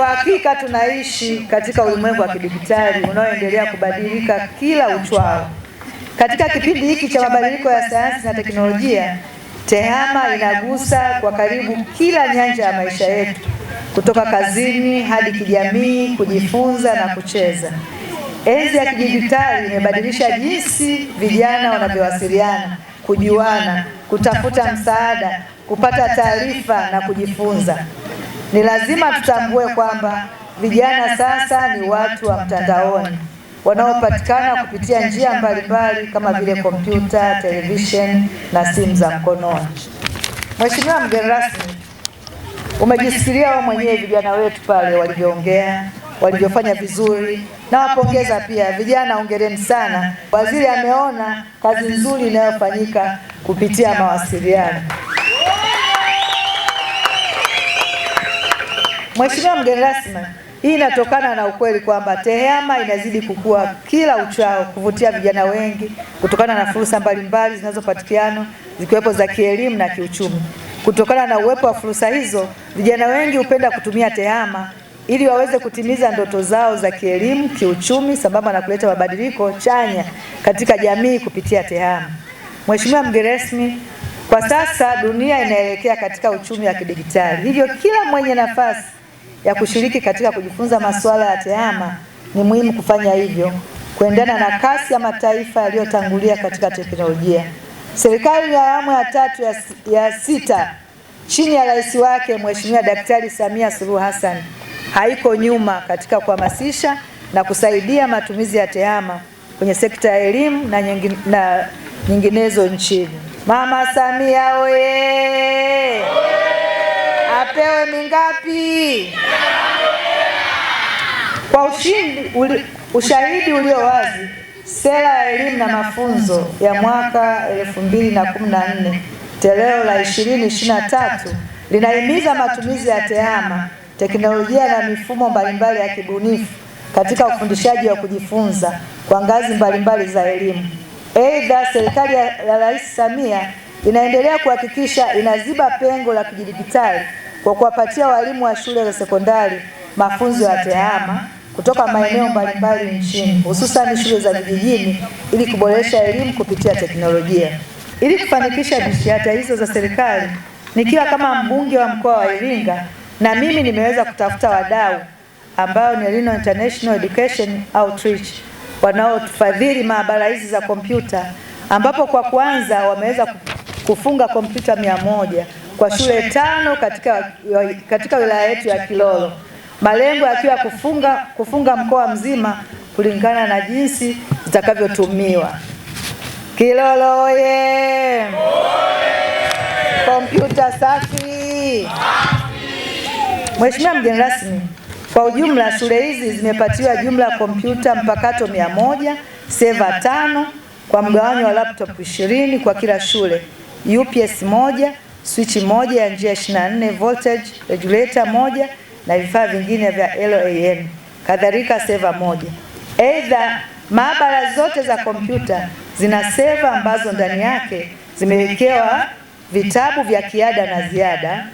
Kwa hakika tunaishi katika ulimwengu wa kidijitali unaoendelea kubadilika kila uchwao. Katika kipindi hiki cha mabadiliko ya sayansi na teknolojia, TEHAMA inagusa kwa karibu kila nyanja ya maisha yetu, kutoka kazini hadi kijamii, kujifunza na kucheza. Enzi ya kidijitali imebadilisha jinsi vijana wanavyowasiliana, kujuana, kutafuta msaada, kupata taarifa na kujifunza. Ni lazima tutambue kwamba vijana sasa ni watu wa mtandaoni wanaopatikana kupitia njia mbalimbali kama vile kompyuta, televisheni na simu za mkononi. Mheshimiwa mgeni rasmi, umejisikia wewe mwenyewe vijana wetu pale walivyoongea, walivyofanya vizuri. Nawapongeza pia vijana, ongereni sana. Waziri ameona kazi nzuri inayofanyika kupitia mawasiliano. Mheshimiwa mgeni rasmi, hii inatokana na ukweli kwamba TEHAMA inazidi kukua kila uchao kuvutia vijana wengi kutokana na fursa mbalimbali zinazopatikana zikiwepo za kielimu na kiuchumi. Kutokana na uwepo wa fursa hizo, vijana wengi hupenda kutumia TEHAMA ili waweze kutimiza ndoto zao za kielimu, kiuchumi, sambamba na kuleta mabadiliko chanya katika jamii kupitia TEHAMA. Mheshimiwa mgeni rasmi, kwa sasa dunia inaelekea katika uchumi wa kidijitali, hivyo kila mwenye nafasi ya kushiriki katika kujifunza masuala ya tehama, ni muhimu kufanya hivyo kuendana na kasi ya mataifa yaliyotangulia katika teknolojia. Serikali ya awamu ya tatu ya, ya sita chini ya rais wake Mheshimiwa Daktari Samia Suluhu Hassan haiko nyuma katika kuhamasisha na kusaidia matumizi ya tehama kwenye sekta ya elimu na, nyingine, na nyinginezo nchini. Mama Samia oye! Apewe mingapi? Kwa ushindi, uli, ushahidi ulio wazi, sera ya elimu na mafunzo ya mwaka 2014 toleo la 2023 linahimiza matumizi ya tehama, teknolojia na mifumo mbalimbali ya kibunifu katika ufundishaji wa kujifunza kwa ngazi mbalimbali za elimu. Aidha, serikali ya Rais Samia inaendelea kuhakikisha inaziba pengo la kidijitali kwa kuwapatia walimu wa shule za sekondari mafunzo ya tehama kutoka maeneo mbalimbali nchini hususan shule za vijijini ili kuboresha elimu kupitia teknolojia. Ili kufanikisha jitihada hizo za serikali, nikiwa kama mbunge wa mkoa wa Iringa na mimi nimeweza kutafuta wadau ambao ni Lino International Education Outreach wanaotufadhili maabara hizi za kompyuta, ambapo kwa kwanza wameweza kufunga kompyuta mia moja kwa shule tano katika, katika wilaya yetu ya Kilolo malengo yakiwa kufunga, kufunga mkoa mzima kulingana na jinsi zitakavyotumiwa. Kilolo ye! Kompyuta safi! Mheshimiwa mgeni rasmi, kwa ujumla shule hizi zimepatiwa jumla ya kompyuta mpakato mia moja seva tano kwa mgawanyo wa laptop ishirini kwa kila shule, UPS moja, swichi moja ya njia 24, voltage regulator moja na vifaa vingine vya LAN, kadhalika seva moja. Aidha, maabara zote za kompyuta zina seva ambazo ndani yake zimewekewa vitabu vya kiada na ziada,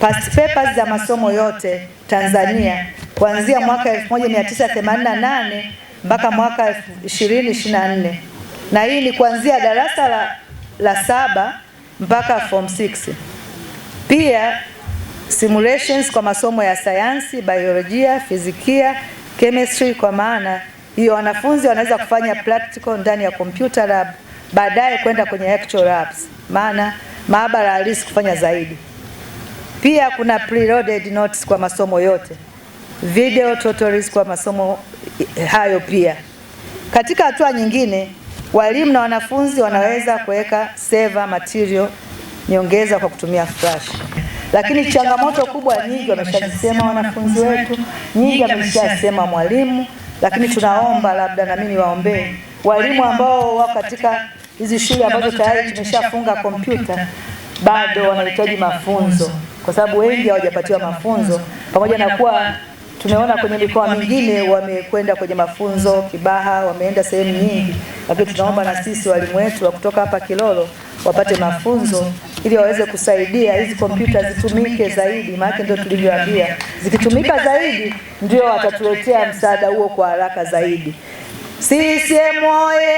past papers za masomo yote Tanzania kuanzia mwaka 1988 mpaka mwaka 2024 na hii ni kuanzia darasa la, la saba mpaka form 6 pia simulations kwa masomo ya sayansi, biolojia, fizikia, chemistry kwa maana hiyo wanafunzi wanaweza kufanya practical ndani ya computer lab, baadaye kwenda kwenye actual labs, maana maabara halisi kufanya zaidi. Pia kuna preloaded notes kwa masomo yote, video tutorials kwa masomo hayo pia. Katika hatua nyingine, walimu na wanafunzi wanaweza kuweka server material nyongeza kwa kutumia flash. Lakini changamoto kubwa nyingi wameshasema wanafunzi wetu, nyingi ameshasema mwalimu, lakini tunaomba labda mimi niwaombee walimu ambao wako katika hizi shule ambazo tayari tumeshafunga kompyuta, bado wanahitaji mafunzo, kwa sababu wengi hawajapatiwa mafunzo, pamoja na kuwa tumeona kwenye mikoa mingine wamekwenda kwenye mafunzo Kibaha, wameenda sehemu nyingi, lakini tunaomba na sisi walimu wetu wa kutoka hapa Kilolo wapate mafunzo ili waweze kusaidia hizi kompyuta zitumike zaidi, maana ndio tulivyoambia, zikitumika zaidi ndio watatuletea msaada huo kwa haraka zaidi. CCM oye!